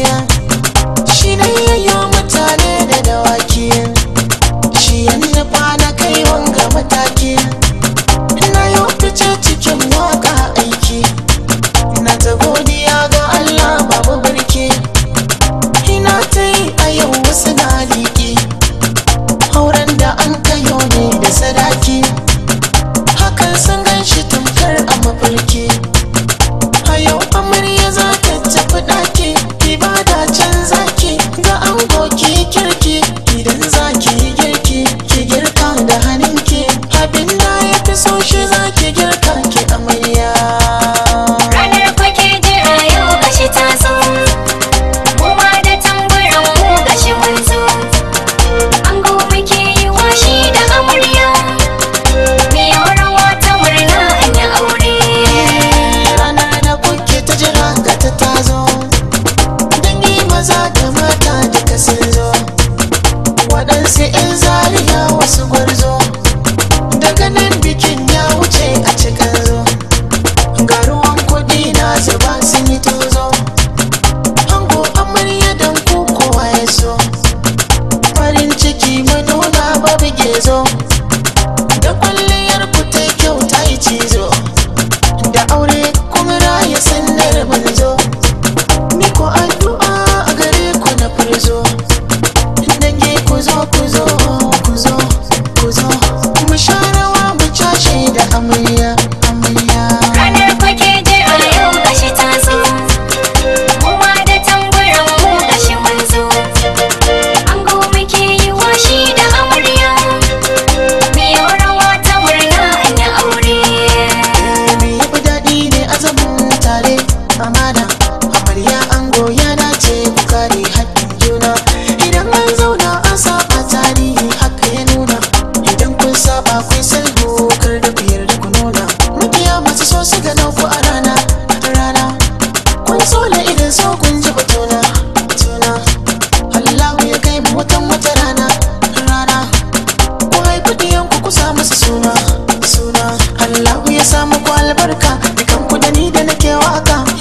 yeah so su ga ku a rana rana kun so idan so kun ji batuna batuna Allahu ya kai mu watan wata rana rana ku haifi diyan ku ku samu su suna suna Allahu ya samu ku albarka dukan da ni da nake waka